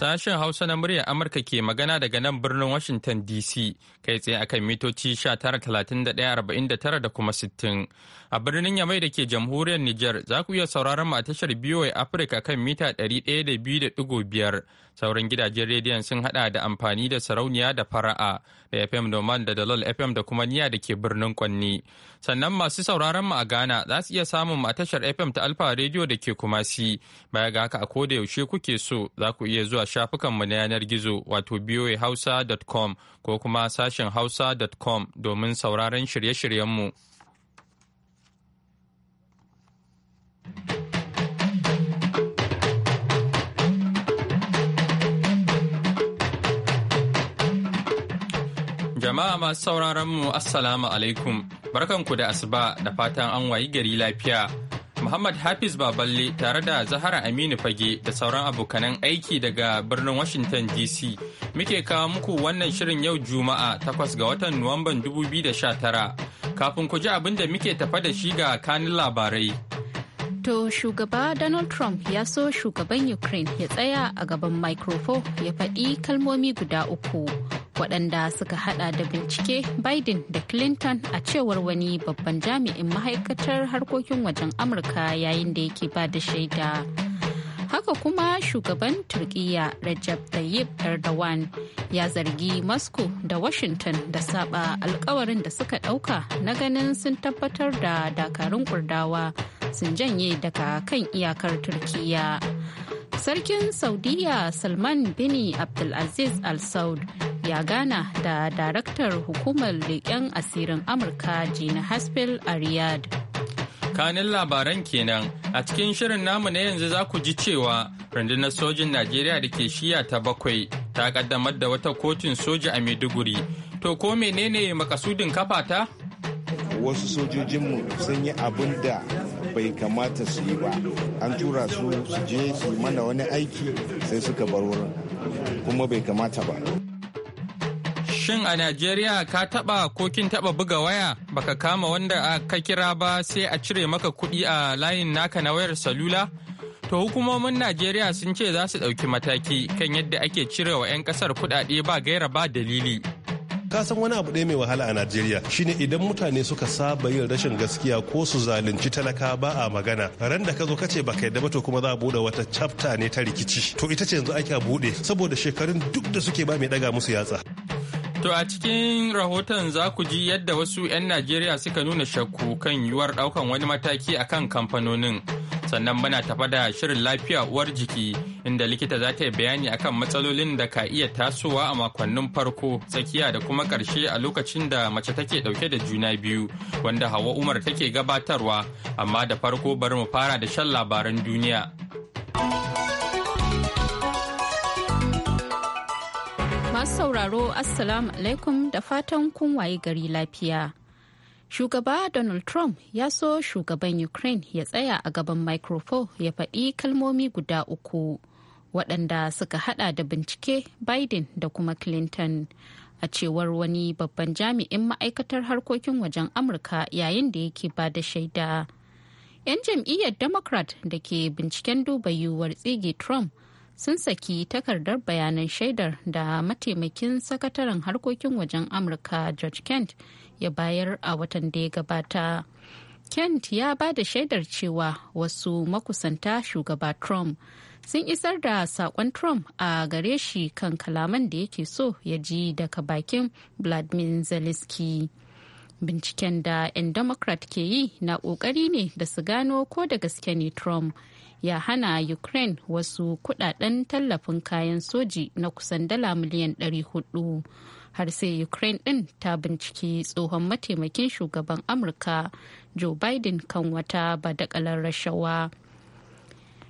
Sashen Hausa na muryar Amurka ke magana daga nan birnin Washington DC kai tsaye akan mitoci 19,31,49 da kuma 60. A birnin Yamai da ke jamhuriyar Nijar za ku iya sauraron mu a tashar BOA Afirka kan mita 102.5 Sauran gidajen rediyon sun hada da amfani da sarauniya da fara'a da FM domin da Dalol FM da kuma niya da ke birnin Kwanni. Sannan masu sauraron mu a Ghana za su iya samun a tashar FM ta Alfa rediyo da ke Kumasi. Baya ga haka a koda yaushe kuke so za ku iya zuwa shafukan mu na yanar gizo wato hausa dot com ko kuma sashen com domin sauraron shirye shiryen mu. Jama'a masu sauraron mu Assalamu alaikum. Barkanku da asuba da fatan an wayi gari lafiya. Muhammad Hafiz Baballe tare da Zahara Aminu Fage da sauran abokanan aiki daga birnin Washington DC muke kawo muku wannan shirin yau Juma'a 8 ga watan Nuwamban 2019. Kafin ku ji abin da muke tafa da shi ga kanin labarai. To shugaba Donald Trump ya so shugaban Ukraine ya tsaya a gaban microphone ya faɗi kalmomi guda uku. waɗanda suka hada da bincike biden da clinton a cewar wani babban jami'in mahaikatar harkokin wajen amurka yayin da yake ba da shaida haka kuma shugaban turkiyya Recep Tayyip Erdogan ya zargi Moscow da Washington da saba alkawarin da suka ɗauka na ganin sun tabbatar da dakarun kurdawa sun janye daga kan iyakar turkiyya Sarkin Saudiyya Salman bin Abdulaziz Al Saud ya gana da daraktar hukumar leƙen asirin Amurka Gina Haspel a Riyad. Kanin labaran kenan a cikin shirin namu na yanzu za ku ji cewa rundunar sojin Najeriya da ke shiya ta bakwai ta kaddamar da wata kotun soja a Maiduguri. To ko menene makasudin kafata? Wasu sojojinmu sun yi abin da bai kamata su yi ba an tura su su je su mana wani aiki sai suka bar wurin kuma bai kamata ba shin a najeriya ka taba ko kin taba buga waya baka kama wanda ka kira ba sai a cire maka kuɗi a layin naka na wayar salula to hukumomin najeriya sun ce za su ɗauki mataki kan yadda ake cirewa 'yan ƙasar kuɗaɗe ba gaira ba dalili ka wani abu ɗaya mai wahala a najeriya shine idan mutane suka saba yin rashin gaskiya ko su zalunci talaka ba a magana ran da ka zo kace baka yadda ba to kuma za a bude wata chapter ne ta rikici to ita ce yanzu ake bude saboda shekarun duk da suke ba mai daga musu yatsa To a cikin rahoton za ku ji yadda wasu 'yan Najeriya suka nuna shakku kan yiwuwar ɗaukan wani mataki akan kamfanonin. sannan muna tafa da shirin lafiya uwar jiki inda likita za ta yi bayani akan matsalolin da ka iya tasowa a makonnin farko tsakiya da kuma ƙarshe a lokacin da mace take ɗauke da juna biyu wanda hawa umar take gabatarwa amma da farko bari mu fara da shan labaran duniya masu sauraro assalamu alaikum da fatan kun waye gari lafiya Shugaba Donald Trump ya so shugaban Ukraine ya tsaya a gaban microphone ya faɗi kalmomi guda uku waɗanda suka haɗa da bincike Biden da kuma Clinton. a cewar wani babban jami'in ma'aikatar harkokin wajen amurka yayin da yake ba da shaida 'yan jam'iyyar democrat da ke binciken duba yiwuwar tsige trump sun saki takardar bayanan shaidar da mataimakin sakataren harkokin wajen amurka george kent ya bayar a watan da ya gabata kent ya ba da shaidar cewa wasu makusanta shugaba trump sun isar da sakon trump a gare shi kan kalaman da yake so ya ji daga bakin vladimir zelensky binciken da 'yan democrat ke yi na kokari ne da su gano ko da gaske ne trump ya hana Ukraine wasu kudaden tallafin kayan soji na kusan dala miliyan 400 har sai Ukraine ɗin ta binciki tsohon mataimakin shugaban Amurka Joe Biden kan wata badakalar rashawa.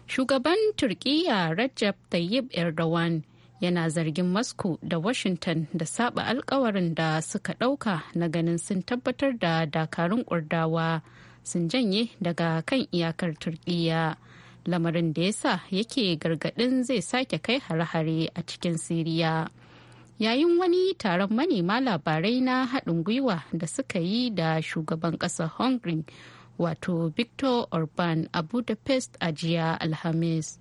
Shugaban Turkiyya Rajab Tayyip Erdogan yana zargin Moscow da Washington da saba alkawarin da suka ɗauka na ganin sun tabbatar da dakarun kurdawa sun janye daga kan iyakar Turkiyya. lamarin da ya sa yake gargadin zai sake kai hare-hare a cikin siriya yayin wani taron manema labarai na haɗin gwiwa da suka yi da shugaban ƙasar hungary wato victor orban a budapest a jiya alhamis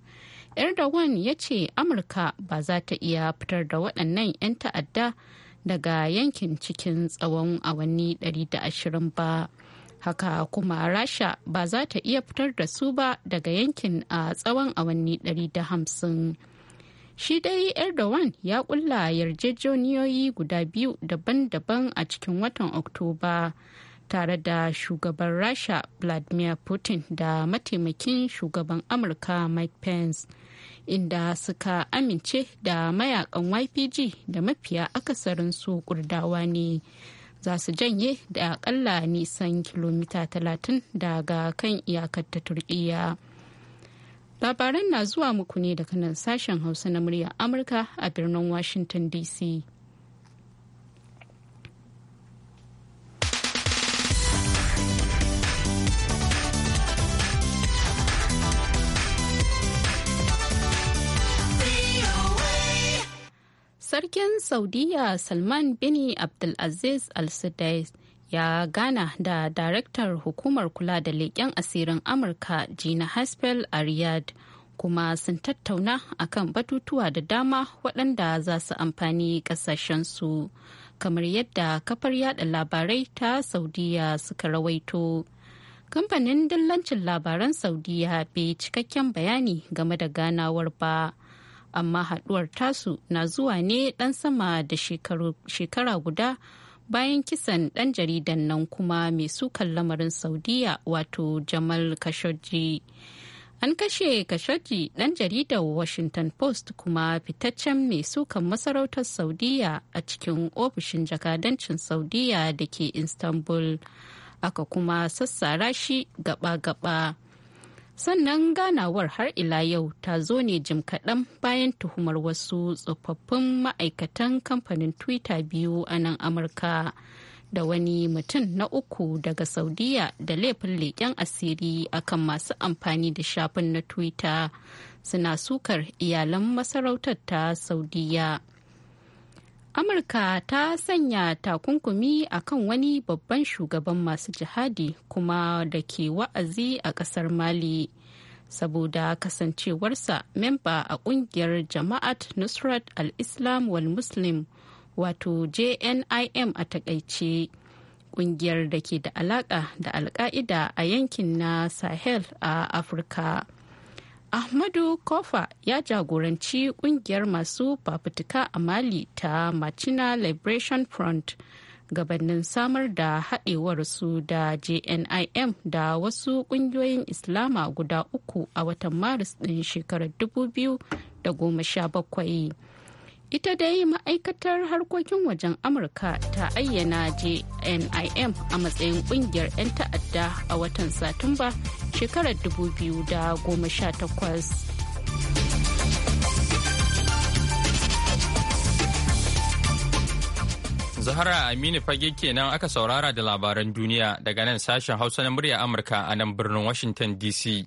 erdogan ya ce amurka ba za ta iya fitar da waɗannan 'yan ta'adda daga yankin cikin tsawon awanni 120 ba haka kuma rasha ba za ta iya fitar da su ba daga yankin a tsawon awanni 150 shi dai erdogan ya kulla yarjejeniyoyi guda biyu daban-daban a cikin watan oktoba tare da shugaban rasha vladimir putin da mataimakin shugaban amurka mike pence inda suka amince da mayakan ypg da mafiya akasarin su kurdawa ne za su janye da akalla nisan kilomita 30 daga kan iyakar ta turkiya labaran na zuwa muku ne daga nan sashen hausa na muryar amurka a birnin washington dc Sarkin Saudiya Salman bin Abdulaziz Al-Sudais ya gana da daraktar hukumar kula da leƙen asirin Amurka Jina Haspel a Riyad kuma sun tattauna akan batutuwa da dama waɗanda za su amfani ƙasashensu kamar yadda kafar yada labarai ta Saudiya suka rawaito. Kamfanin dillancin labaran Saudiya bai cikakken bayani game da ganawar ba. amma haɗuwar tasu na zuwa ne ɗan sama da shekara guda bayan kisan ɗan jaridan nan kuma mai sukan lamarin saudiya wato jamal khashoggi an kashe khashoggi ɗan jaridar washington post kuma fitaccen mai sukan masarautar saudiya a cikin ofishin jakadancin saudiya da ke istanbul aka kuma sassara shi gaba-gaba sannan ganawar har ila yau ta zo ne jim kaɗan bayan tuhumar wasu tsofaffin ma'aikatan kamfanin twitter biyu a nan amurka da wani mutum na uku daga saudiya da laifin leƙen asiri akan masu amfani da shafin na twitter suna sukar iyalan masarautar ta saudiya amurka ta sanya takunkumi a kan wani babban shugaban masu jihadi kuma da ke wa'azi a kasar mali saboda kasancewarsa memba a kungiyar jama'at nusrat al-islam wal muslim wato jnim a takaice kungiyar da ke da alaka da alka'ida a yankin na sahel a afirka ahmadu kofa ya jagoranci kungiyar masu fafutuka a mali ta machina liberation front gabanin samar da haɗewar su da jnim da wasu ƙungiyoyin islama guda uku a watan maris ɗin shekarar 2017 ita dai ma'aikatar harkokin wajen amurka ta ayyana jnim a matsayin kungiyar 'yan ta'adda a watan satumba shekarar 2018 Zahara Aminu fage kenan aka saurara da labaran duniya daga nan sashen Hausa na murya Amurka a nan birnin Washington DC.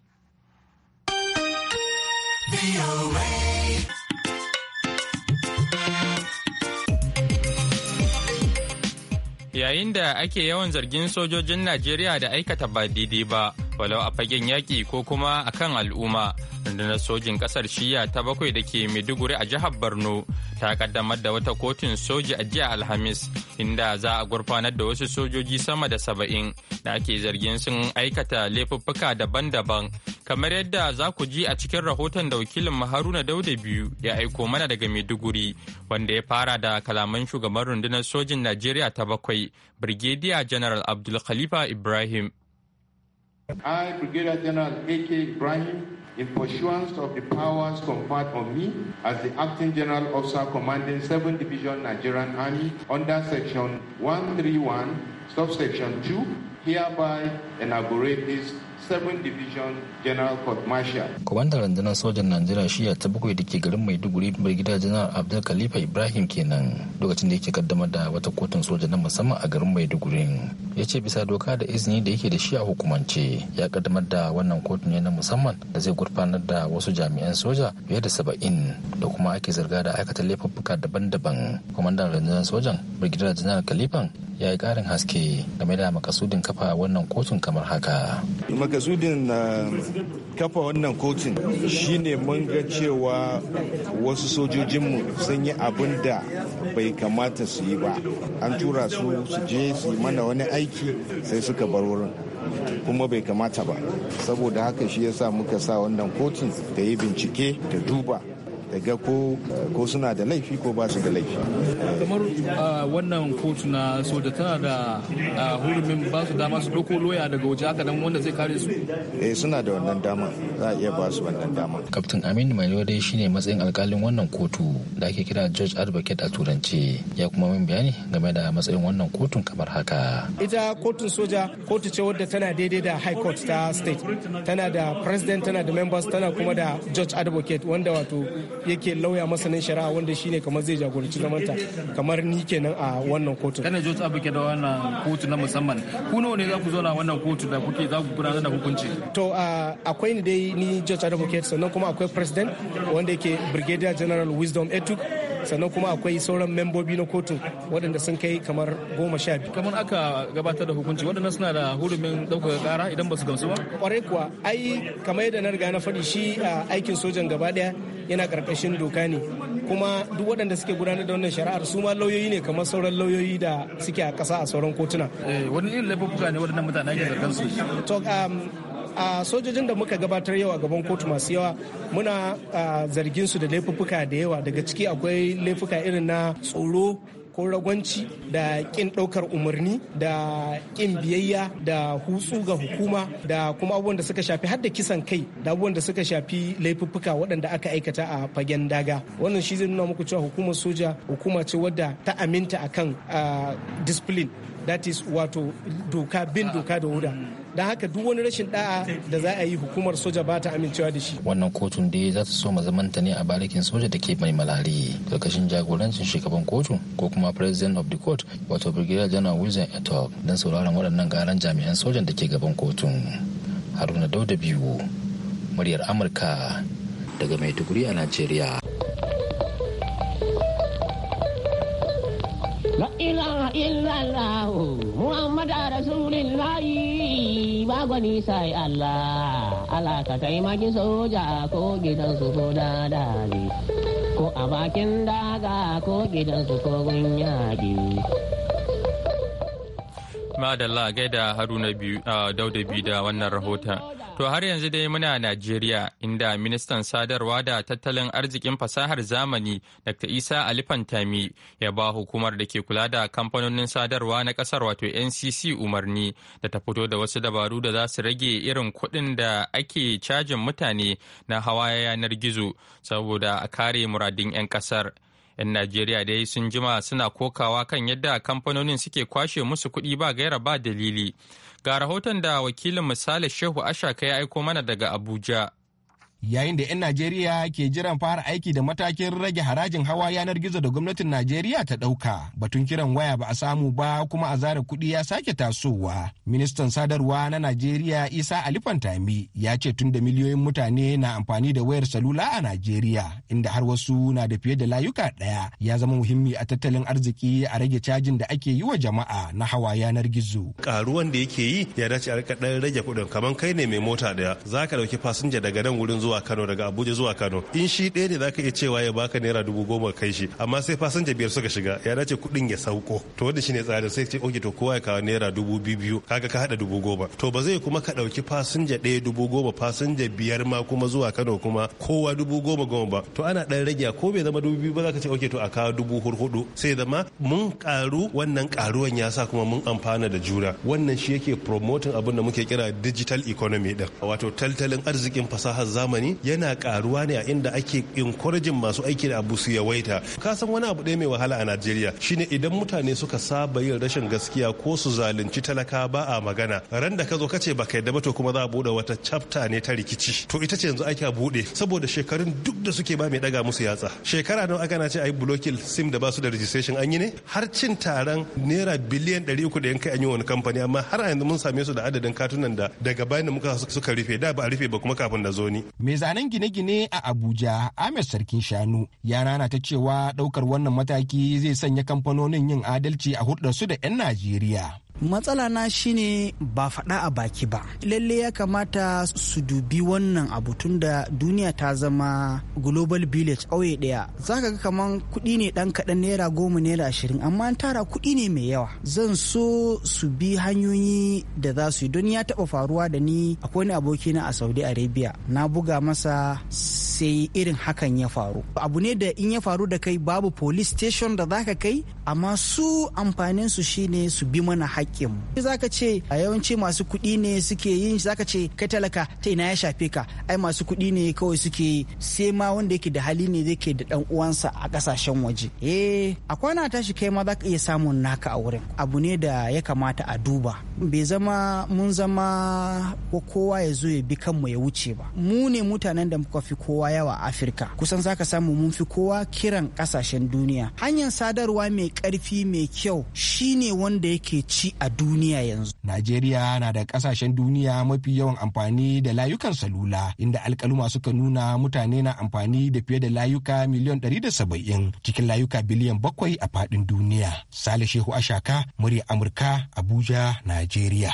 yayin da ake yawan zargin sojojin Najeriya da aikata ba daidai ba walau a fagen yaƙi ko kuma a kan al'umma rundunar sojin ƙasar shiya ta bakwai da ke maiduguri a jihar borno ta kaddamar da wata kotun soji a jiya alhamis inda za a gurfanar da wasu sojoji sama da saba'in da ake zargin sun aikata laifuffuka daban-daban kamar yadda za ku ji a cikin rahoton da wakilin maharuna dauda biyu ya aiko mana daga maiduguri wanda ya fara da kalaman shugaban rundunar sojin najeriya ta bakwai birgediya general abdul khalifa ibrahim I, Brigadier General A.K. Ibrahim, in pursuance of the powers conferred on me as the Acting General Officer commanding 7th Division Nigerian Army under Section 131, Subsection 2, hereby inaugurate this 7 Division General Court Martial. Kwamandan rundunar sojan Najeriya shiya ta bakwai da ke garin Maiduguri Brigadier General Abdul Khalifa Ibrahim kenan lokacin da yake kaddamar da wata kotun soja na musamman a garin Maiduguri. Ya ce bisa doka da izini da yake da shi a hukumance ya kaddamar da wannan kotun ne na musamman da zai gurfanar da wasu jami'an soja fiye da saba'in da kuma ake zarga da aikata laifuffuka daban-daban. Kwamandan rundunar sojan Brigadier General Khalifa ya yi ƙarin haske game da makasudin kafa wannan kotun kamar haka. makasudin ah, kafa wannan kotun shine mun ga cewa wasu sojojinmu sun yi abin da bai kamata su yi ba an tura su su je su yi mana wani aiki sai suka bar wurin kuma bai kamata ba saboda haka shi yasa muka sa wannan kotun ta yi bincike da duba ga ko suna da laifi ko ba su da laifi kamar wannan kotu na soja tana da hurumin ba su dama su doko loya daga waje aka nan wanda zai kare su eh suna da wannan dama za a iya ba su wannan dama kaftin aminu mai dai shine matsayin alkalin wannan kotu da ake kira george advocate a turanci ya kuma min bayani game da matsayin wannan kotun kamar haka ita kotun soja kotu ce wadda tana daidai da high court ta state tana da president tana da members tana kuma da george advocate wanda wato yake lauya masanin shari'a wanda shine kamar zai jagoranci zamanta kamar ni kenan a wannan kotu. kana jos abu ke da wannan kotu na musamman ku nawa ne za ku na wannan kotu da kuke za ku gudanar da hukunci to akwai ni dai ni judge advocate sannan kuma akwai president wanda yake brigadier general wisdom etuk sannan kuma akwai sauran membobi na kotun waɗanda sun kai kamar goma sha biyu kamar aka gabatar da hukunci waɗanda suna da hurumin ɗaukaka ƙara idan ba su gamsu ba ƙwarai kuwa ai kamar yadda na riga na faɗi shi a aikin sojan gaba ɗaya yana ƙarƙashin doka ne kuma duk waɗanda suke gudanar da wannan shari'ar su ma lauyoyi ne kamar sauran lauyoyi da suke a ƙasa a sauran kotuna. Eh, wani irin laifuka ne waɗannan mutane ake zargansu su? a sojojin da muka gabatar yau a gaban kotu masu yawa muna zargin su da laifuffuka da yawa daga ciki akwai laifuka irin na tsoro ko ragwanci da kin ɗaukar umarni da kin biyayya da hutsu ga hukuma da kuma abubuwan da suka shafi har kisan kai da abubuwan da suka shafi laifuffuka waɗanda aka aikata a fagen daga wannan shi zai nuna muku cewa hukumar soja hukuma ce wadda ta aminta akan discipline that is wato doka bin doka da wuda. da haka duk wani rashin da'a da za a yi hukumar soja ba ta amincewa da shi wannan kotun dai za ta so ma zamanta ne a barikin soja da ke mai malari karkashin jagorancin shugaban kotun ko kuma president of the court wato brigadier general wilson etop don sauraron waɗannan garan jami'an sojan da ke gaban kotun haruna dauda biyu muryar amurka daga maiduguri a najeriya La ilaha illallah Muhammad a rasulun layi ba gwani sai Allah. Allah ka taimaki soja ko su ko dadali. Ko a bakin daga ko su ko gunyaki. Madalla gaida Haruna Dauda biyu da wannan rahoton. To har yanzu dai muna Najeriya inda ministan sadarwa da tattalin arzikin fasahar zamani Dr. Isa Alifantami ya ba hukumar da ke kula da kamfanonin sadarwa na kasar wato NCC umarni da ta fito da wasu dabaru da za su rage irin kuɗin da ake cajin mutane na hawa yanar gizo saboda a kare muradin 'yan kasar. 'Yan Najeriya dai sun jima suna kokawa kan yadda kamfanonin suke kwashe musu kuɗi ba gaira ba dalili. Ga rahoton da wakilin misali Shehu Ashaka ya aiko mana daga Abuja. yayin da 'yan Najeriya ke jiran fara aiki da matakin rage harajin hawa yanar gizo da gwamnatin Najeriya ta ɗauka. Batun kiran waya ba a samu ba kuma a zara kuɗi ya sake tasowa. Ministan sadarwa na Najeriya Isa Ali Fantami ya ce tun da miliyoyin mutane na amfani da wayar salula a Najeriya inda har wasu na da fiye da layuka ɗaya ya zama muhimmi a tattalin arziki a rage cajin da ake yi wa jama'a na hawa yanar gizo. Karuwan da yake yi ya dace a rage kuɗin kamar kai ne mai mota ɗaya za ka ɗauki fasinja daga nan wurin zuwa zuwa Kano daga Abuja zuwa Kano in shi ɗaya ne zaka iya cewa ya baka naira dubu goma kai shi amma sai fasinja biyar suka shiga ya dace kuɗin ya sauko to wanda shine tsarin sai ce oke to kowa ya kawo naira dubu biyu biyu kaga ka hada dubu goma to ba zai kuma ka ɗauki fasinja ɗaya dubu goma fasinja biyar ma kuma zuwa Kano kuma kowa dubu goma goma ba to ana ɗan rage ko bai zama dubu biyu ba zaka ce oke to a kawo dubu hurhudu sai zama mun karu wannan karuwan ya sa kuma mun amfana da juna wannan shi yake promoting abin da muke kira digital economy din wato tattalin arzikin fasahar zamani amfani yana karuwa ne a inda ake encouraging masu aiki da abu su yawaita ka san wani abu ɗaya mai wahala a najeriya shine idan mutane suka saba yin rashin gaskiya ko su zalunci talaka ba a magana ran da ka zo kace baka yadda ba to kuma za a bude wata chapter ne ta rikici to ita ce yanzu ake bude saboda shekarun duk da suke ba mai daga musu yatsa shekara nawa aka na ce ayi blokil sim da ba su da registration an yi ne har cin taron naira biliyan 300 da kai an yi wani kamfani amma har a yanzu mun same su da adadin katunan da daga bayan da muka suka rufe da ba a rufe ba kuma kafin da zo ni mai zanen gine-gine a abuja ahmed sarkin shanu ya rana ta cewa ɗaukar wannan mataki zai sanya kamfanonin yin adalci a hulɗarsu da 'yan najeriya matsala na shine ba faɗa a baki ba lalle ya kamata su dubi wannan abu da duniya ta zama global village ƙauye ɗaya zaka ga kaman kuɗi ne ɗan kaɗan naira goma naira ashirin amma an tara kuɗi ne mai yawa zan so su bi hanyoyi da za su yi don ya taɓa faruwa da ni akwai wani abokina a saudi arabia na buga masa sai irin hakan ya faru abu ne da in ya faru da kai babu police station da za ka kai amma su amfanin su shine su bi mana haƙƙin zaka ce a yawanci masu kuɗi ne suke yin zaka ce kai talaka ta ina ya shafe ka ai masu kuɗi ne kawai suke sai ma wanda yake da hali ne zai ke da dan uwansa a kasashen waje eh a kwana tashi kai ma zaka iya samun naka a wurin abu ne da ya kamata a duba bai zama mun zama kowa ya zo ya bi kanmu ya wuce ba mu ne mutanen da muka fi kowa yawa afirka kusan zaka samu mun fi kowa kiran kasashen duniya hanyar sadarwa mai karfi mai kyau shine wanda yake ci a duniya yanzu. Najeriya na da ƙasashen duniya mafi yawan amfani da layukan salula inda alkaluma suka nuna mutane na amfani da fiye da layuka miliyan 170 cikin layuka biliyan bakwai a faɗin duniya. Sale Shehu Ashaka, murya Amurka, Abuja, Najeriya.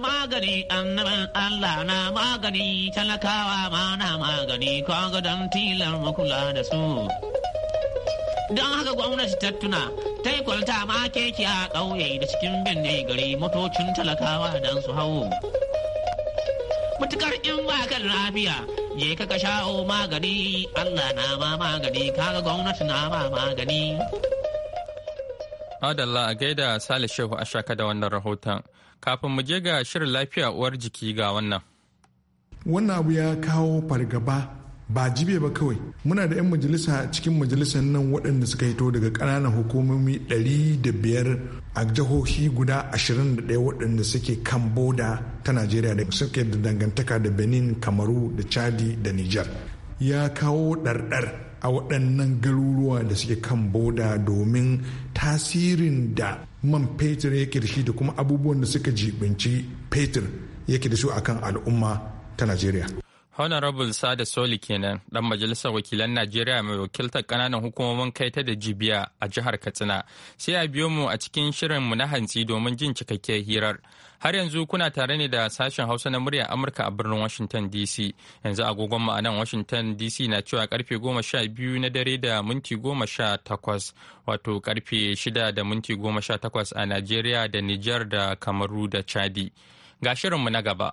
magani annaban Allah na magani talakawa ma na magani kaga don tilar kula da su. don haka gwamnati ta tuna ta yi kwalta ma keke a ƙauye da cikin binne gari motocin talakawa don su hau mutukar in ba kan lafiya je ka ka sha'o magani allah na ma magani kaga gwamnati na ma magani Adalla a gaida Sale Shehu a shaka da wannan rahoton. Kafin mu je ga shirin lafiya uwar jiki ga wannan. Wannan abu ya kawo fargaba ba jibe ba kawai muna da 'yan majalisa a cikin majalisar nan waɗanda suka hito daga ƙananan hukumomi 500 a jihohi guda 21 waɗanda suke kan boda ta najeriya da suke da dangantaka da benin kamaru da chadi da niger ya kawo ɗarɗar a waɗannan garuruwa da suke kan boda domin tasirin da man fetur yake da shi da kuma abubuwan da suka jibinci fetur yake da su akan al'umma ta najeriya Honorable Sada Soli kenan dan majalisar wakilan Najeriya mai wakiltar kananan hukumomin kai ta da jibiya a jihar Katsina. Sai a biyo mu a cikin shirin mu na hantsi domin jin cikakkiyar hirar. Har yanzu kuna tare ne da sashen Hausa na murya Amurka a birnin Washington DC. Yanzu agogon mu a nan Washington DC na cewa karfe goma sha biyu na dare da minti 18 wato karfe shida da minti 18 a Najeriya da Niger da Kamaru da Chadi. Ga shirinmu na gaba.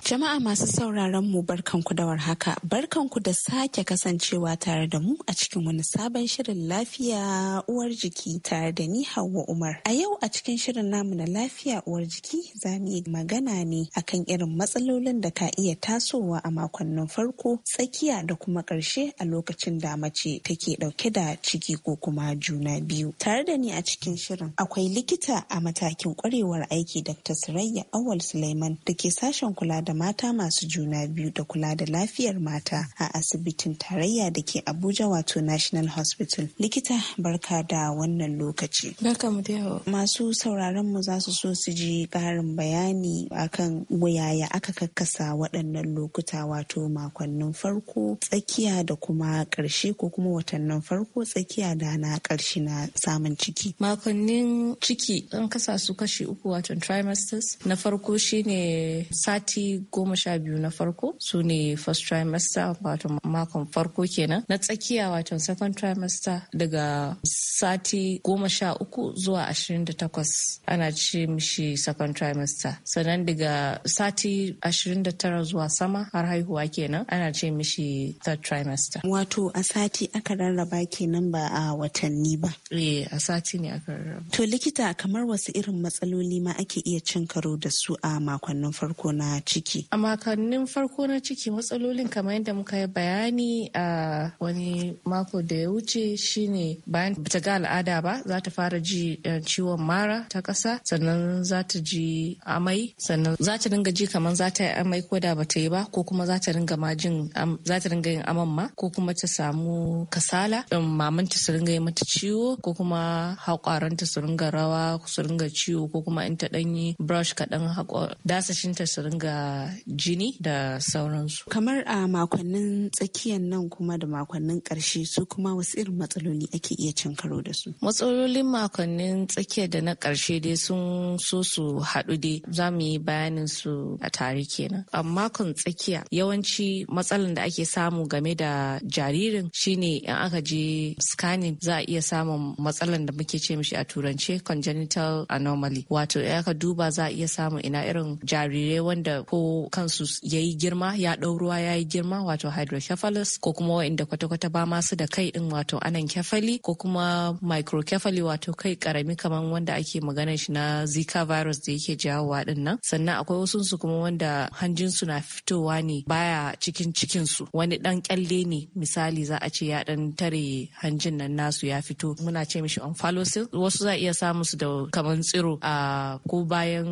Jama'a masu sauraron mu barkanku da warhaka, barkanku da sake kasancewa tare da mu a cikin wani sabon shirin lafiya uwar jiki tare da ni Hauwa Umar. A yau a cikin shirin namu na lafiya uwar jiki za mu yi magana ne akan irin matsalolin da ka iya tasowa a makonnin farko, tsakiya da kuma ƙarshe a lokacin da mace take ɗauke da ciki ko kuma juna biyu. Tare da ni a cikin shirin akwai likita a matakin ƙwarewar aiki Dr. Sirayya Awal Suleiman da ke sashen kula da mata masu juna biyu da kula da lafiyar mata a asibitin tarayya da ke Abuja wato National Hospital. Likita barka da wannan lokaci. Barka mu Masu sauraron mu za su so su ji karin bayani akan wayaya aka kakkasa waɗannan lokuta wato makonnin farko tsakiya da kuma ƙarshe ko kuma watannin farko tsakiya da na ƙarshe na samun ciki. Makonnin ciki an kasa su kashi uku wato trimesters na farko shine sati goma sha biyu na farko su ne first trimester wato makon farko kenan na tsakiya wato second trimester daga sati goma sha uku zuwa ashirin da takwas ana ce mishi second trimester sannan daga sati ashirin da tara zuwa sama har haihuwa kenan ana ce mishi third trimester wato a sati aka rarraba kenan ba a watanni ba eh a sati ne aka rarraba to likita kamar wasu irin matsaloli ma ake iya cin karo da su a makonnin farko na ciki ciki a makonnin farko na ciki matsalolin kamar yadda muka yi bayani a wani mako da ya wuce shine bayan bata ga al'ada ba za ta fara ji eh, ciwon mara ta ƙasa sannan za ta ji amai sannan za ta dinga ji kamar za ta yi amai ko da bata yi ba ko kuma za ta dinga majin za ta dinga yin aman ma ko kuma ta samu kasala mamanta su dinga yi mata ciwo ko kuma haƙwaranta su dinga rawa su dinga ciwo ko kuma in ta ɗanyi brush kaɗan haƙo dasashinta su dinga. jini da sauransu. Kamar a makonnin tsakiyar nan kuma da makonnin ƙarshe su kuma wasu irin matsaloli ake iya cin karo da su. Matsalolin makonnin tsakiyar da na karshe dai sun so su haɗu dai za mu yi bayanin su a tare kenan. A makon tsakiya yawanci matsalan da ake samu game da jaririn shine in aka je scanning za a iya samun matsalan da muke ce mishi a turance congenital anomaly wato in aka duba za a iya samun ina irin jarirai wanda ko kansu ya yi girma ya ɗau ruwa ya yi girma wato hydrocephalus ko kuma wa'inda kwata-kwata ba masu da kai ɗin wato anan kefali ko kuma microcephaly wato kai karami kamar wanda ake maganar shi na zika virus da yake jawowa ɗin nan sannan akwai wasu su kuma wanda hanjin su na fitowa ne baya cikin cikin su wani ɗan kyalle ne misali za a ce ya ɗan tare hanjin nan nasu ya fito muna ce mishi omphalocele wasu za a iya samun su da kamar tsiro a ah, ko bayan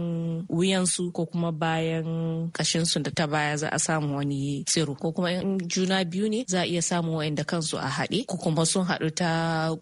wuyansu ko kuma bayan kashin su da ta baya za a samu wani tsiro ko kuma in juna biyu ne za a iya samu wa'anda kansu a haɗe ko kuma sun haɗu ta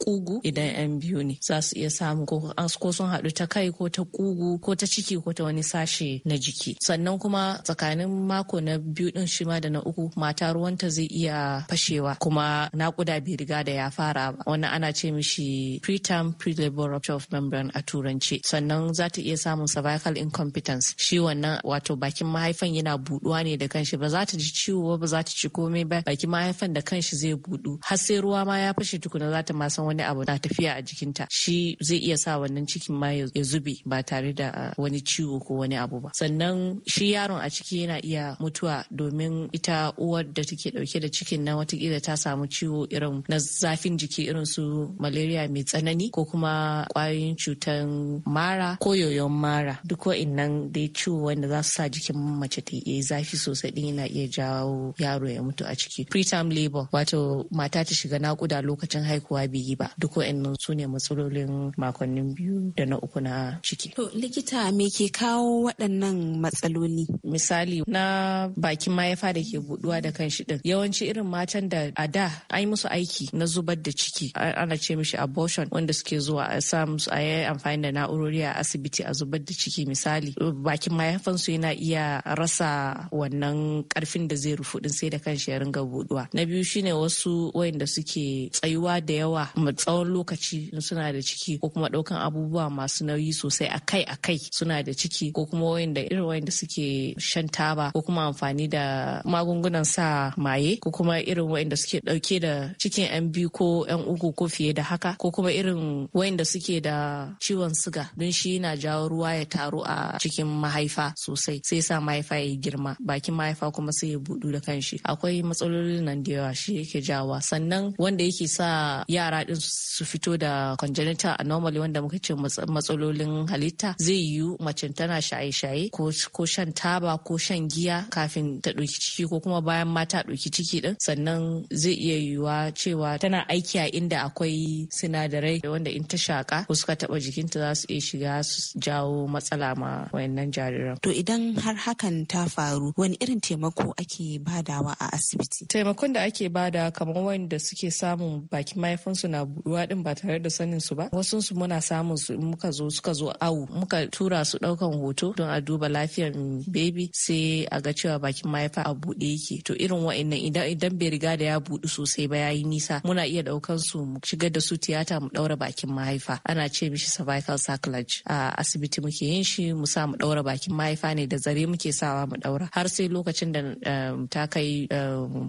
kugu idan yan biyu ne za su iya samu ko sun haɗu ta kai ko ta kugu ko ta ciki ko ta wani sashe na jiki sannan kuma tsakanin mako na biyu din shi ma da na uku mata ruwanta zai iya fashewa kuma nakuda bai riga da ya fara ba wannan ana ce mishi preterm prelabor rupture of membrane a turance sannan za ta iya samun cervical incompetence shi wannan wato bakin mahaifan yana buɗuwa ne da kanshi ba za ta ji ciwo ba za ta ci komai ba baki mahaifan da kanshi zai buɗu har sai ruwa ma ya fashe tukuna za ta ma san wani abu na tafiya a jikinta shi zai iya sa wannan cikin ma ya zube ba tare da ah, wani ciwo ko wani abu ba sannan shi yaron a ciki yana iya mutuwa domin ita uwar da take dauke da cikin nan watakila ta samu ciwo irin na zafin jiki irin su malaria mai tsanani ko kuma kwayoyin cutan mara ko yoyon mara duk nan dai ciwo wanda za su sa jikin mace ta yi zafi sosai din yana iya jawo yaro ya mutu a ciki preterm labor wato mata ta shiga nakuda lokacin haihuwa bai yi ba duk wa'annan su ne matsalolin makonnin biyu da na uku na ciki to likita me ke kawo waɗannan matsaloli misali na bakin mahaifa da ke buɗuwa da kan shi din yawanci irin matan da a da an yi musu aiki na zubar da ciki ana ce mishi abortion wanda suke zuwa a sa musu a yi amfani da na'urori a asibiti a zubar da ciki misali bakin mahaifansu yana iya rasa wannan karfin da zai rufu din sai da kanshi ya ringa buduwa na biyu shine wasu wayanda suke tsayuwa da yawa tsawon lokaci suna da ciki ko kuma daukan abubuwa masu nauyi sosai akai akai suna da ciki ko kuma wayanda irin wayanda suke shan taba ko kuma amfani da magungunan sa maye ko kuma irin wayanda suke dauke da cikin yan biyu ko yan uku ko fiye da haka ko kuma irin wayanda suke da ciwon suga don shi yana jawo ruwa ya taru a cikin mahaifa sosai sai sa mahaifa ya girma bakin mahaifa kuma sai ya budu da kanshi akwai matsalolin nan da yawa shi yake jawa sannan wanda yake sa yara din su fito da congenital anomaly wanda muka ce matsalolin halitta zai yiwu mace tana shaye-shaye ko shan taba ko shan giya kafin ta ɗauki ciki ko kuma bayan ma ta ɗauki ciki din sannan zai iya yiwuwa cewa tana aiki a inda akwai sinadarai wanda in ta shaka ko suka taɓa jikinta za su iya shiga su jawo matsala ma wayannan jariran to idan har hakan ta faru wani irin taimako ake badawa a asibiti taimakon da ake bada kamar wanda suke samun bakin mahaifinsu na buduwa din ba tare da sanin su ba wasu su muna samun su muka zo suka zo awu muka tura su ɗaukan hoto don a duba lafiyar baby sai a ga cewa bakin mahaifa a buɗe yake to irin wa'annan idan idan bai riga da ya buɗu sosai ba yayi nisa muna iya daukan su mu shigar da su tiyata mu ɗaura bakin mahaifa ana ce mishi cervical sacrilege a asibiti muke yin shi mu sa mu daura bakin mahaifa ne da zare muke ake sawa mu daura har sai lokacin da eh, ta kai eh,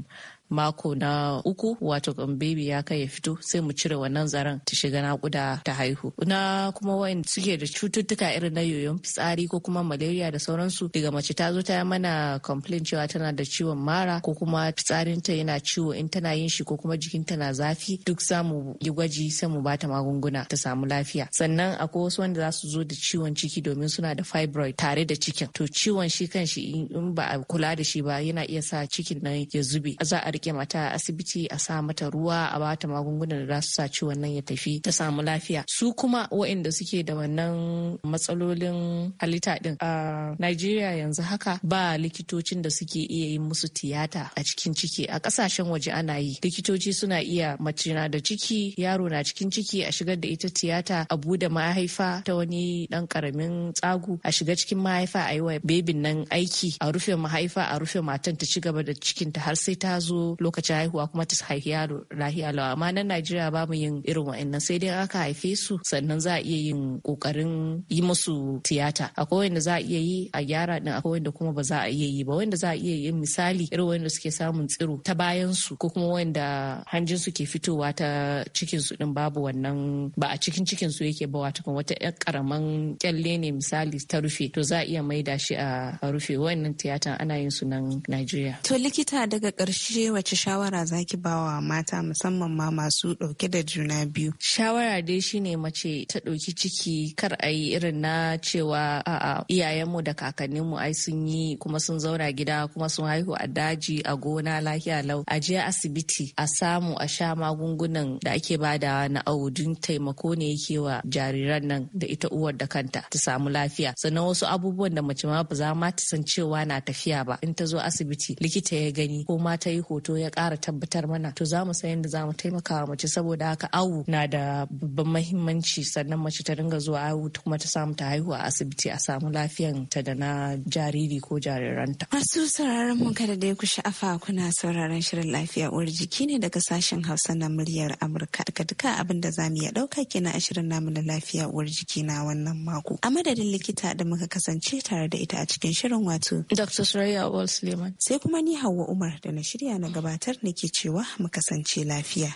mako na uku wato um, bebi ya kai ya fito sai mu cire wannan zaren ta shiga nakuda ta haihu na kuma wayan suke da cututtuka irin na yoyon fitsari ko kuma malaria da sauransu daga mace ta zo ta mana complain cewa tana da ciwon mara ko kuma ta yana ciwo in tana yin shi ko kuma jikinta na zafi duk za yi gwaji sai mu bata magunguna ta samu lafiya sannan akwai wasu wanda za su zo da ciwon ciki domin suna da fibroid tare da cikin to ciwon shi kan shi in ba a kula da shi ba yana iya sa cikin nan ya zube za a rike mata asibiti a sa mata ruwa a bata magungunan da za su sa ciwon nan ya tafi ta samu lafiya su kuma waɗanda suke da wannan matsalolin halitta din a Najeriya yanzu haka ba likitocin da suke iya yin musu tiyata a cikin ciki a ƙasashen waje ana yi likitoci suna iya mace na da ciki yaro na cikin ciki a shigar da ita tiyata a bude mahaifa ta wani dan karamin tsagu a shiga cikin mahaifa a yi wa bebin nan aiki a rufe mahaifa a rufe matan ta ci gaba da cikinta har sai ta zo lokacin haihuwa kuma ta haifi yaro lahiya lawa amma nan Najeriya ba mu yin irin wa'annan sai dai aka haife su sannan za a iya yin kokarin yi musu tiyata akwai wanda za a iya yi a gyara din akwai wanda kuma ba za a iya yi ba wanda za a iya yin misali irin wanda suke samun tsiro ta bayan su ko kuma wanda hanjin su ke fitowa ta cikin su din babu wannan ba a cikin cikin su yake ba kuma wata yar karaman kyalle ne misali ta rufe to za a iya maida shi a rufe wannan tiyatan ana yin su nan Najeriya to likita daga ƙarshe wace shawara zaki wa mata musamman ma masu ɗauke da juna biyu? Shawara dai shine mace ta ɗauki ciki kar a yi irin na cewa a'a iyayenmu da kakanninmu ai sun yi kuma sun zauna gida kuma sun haihu a daji a gona lafiya lau a je asibiti a samu a sha magungunan da ake badawa na audun taimako ne yake wa jariran nan da ita uwar da kanta ta samu lafiya sannan wasu abubuwan da mace ma ba za ma ta san cewa na tafiya ba in ta zo asibiti likita ya gani ko ma ta yi hoto ya kara tabbatar mana to za mu san yadda za mu taimaka wa mace saboda haka awu na da babban mahimmanci sannan mace ta dinga zuwa awu kuma ta samu ta haihu a asibiti a samu lafiyan ta da na jariri ko jariranta. Masu sauraron mu kada dai ku sha'afa kuna sauraron shirin lafiya uwar jiki ne daga sashen Hausa na muryar Amurka daga duka abin da za mu iya ɗauka kenan a shirin namu na lafiya uwar jiki na wannan mako. A madadin likita da muka kasance tare da ita a cikin shirin wato. Dr. Suraya Wal Suleiman. Sai kuma ni Hauwa Umar da na shirya na na gabatar nake cewa mu kasance lafiya.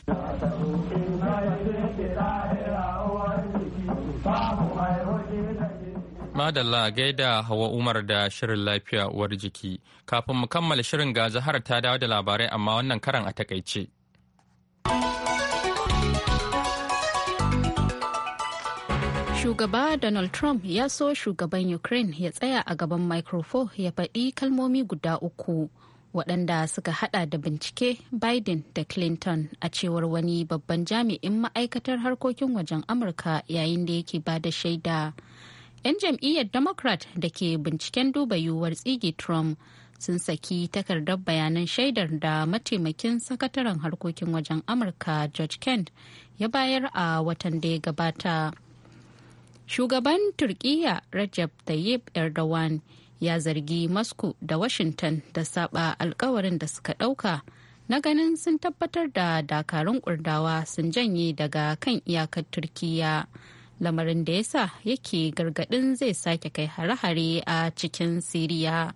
Madalla gaida Hawa Umar da Shirin Lafiya uwar jiki. Kafin mu kammala shirin ga Zahar ta dawo da labarai amma wannan karan a takaice. Shugaba Donald Trump ya so shugaban Ukraine ya tsaya a gaban microfo ya faɗi kalmomi guda uku. waɗanda suka hada da bincike biden da clinton a cewar wani babban jami'in ma'aikatar harkokin wajen amurka yayin da yake ba da shaida 'yan jam'iyyar democrat da ke binciken duba yiwuwar tsige trump sun saki takardar bayanan shaidar da mataimakin sakataren harkokin wajen amurka george kent ya bayar a watan da ya gabata shugaban turkiyya rajab tayyip erdogan ya zargi moscow da washington da saba alkawarin da suka dauka na ganin sun tabbatar da dakarun kurdawa sun janye daga kan iyakar turkiya lamarin da yasa yake gargadin zai sake kai hare-hare a cikin siriya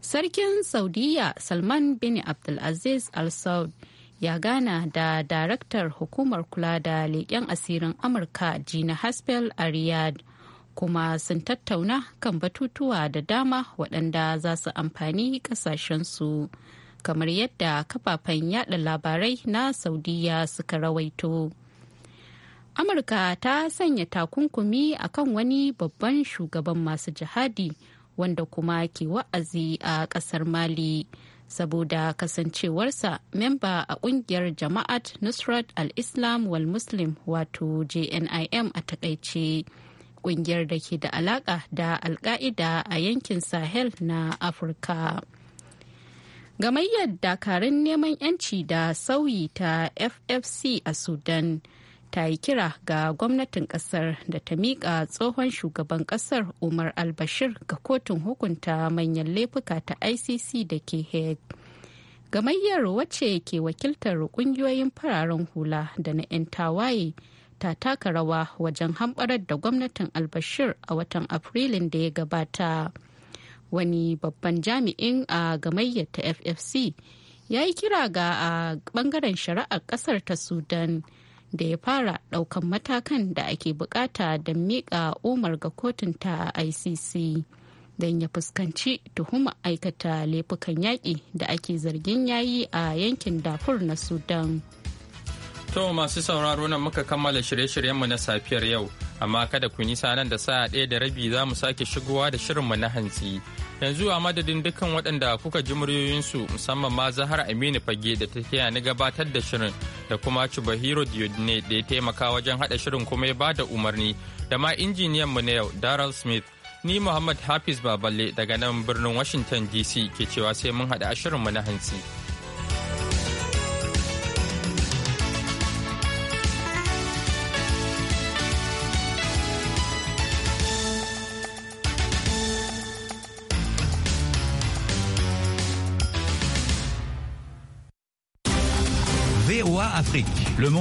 sarkin saudiya salman bin abdulaziz al saud ya gana da daraktar hukumar kula da leƙen asirin amurka gina haspel a riyadh kuma sun tattauna kan batutuwa da dama waɗanda za su amfani ƙasashensu kamar yadda kafafen yada labarai na saudiya suka rawaito amurka ta sanya takunkumi a kan wani babban shugaban masu jihadi wanda kuma ke wa'azi a ƙasar mali saboda kasancewarsa memba a ƙungiyar jama'at nusrat al-islam wal muslim wato jnim a takaice kungiyar da ke da alaka da alka'ida a yankin sahel na afirka gamayyar dakarun neman yanci da sauyi ta ffc a sudan ta yi kira ga gwamnatin kasar da ta miƙa tsohon shugaban kasar umar albashir ga kotun hukunta manyan laifuka ta icc da ke hague gamayyar wacce ke wakiltar kungiyoyin fararen hula da na 'yan tawaye ta taka rawa wajen hamɓarar da gwamnatin albashir a watan afrilun da ya gabata wani babban jami'in a gamayyar ta ffc ya yi kira ga a bangaren shari'ar kasar ta sudan da ya fara daukan matakan da ake bukata da miƙa umar ga kotun ta icc don ya fuskanci tuhuma aikata laifukan yaƙi da ake zargin yayi a yankin dafur na sudan To masu sauraro nan muka kammala shirye-shiryenmu na safiyar yau, amma kada ku nisa nan da sa'a ɗaya da rabi za mu sake shigowa da shirinmu na hantsi. Yanzu a madadin dukkan waɗanda kuka ji muryoyinsu musamman ma Zahar Aminu Fage da ta taya ni gabatar da shirin da kuma Chubahiro Diodine da ya taimaka wajen haɗa shirin kuma ya ba da umarni da ma injiniyanmu na yau Daryl Smith. Ni Muhammad Hafiz Baballe daga nan birnin Washington DC ke cewa sai mun haɗa shirinmu na hantsi. Afrique. Le monde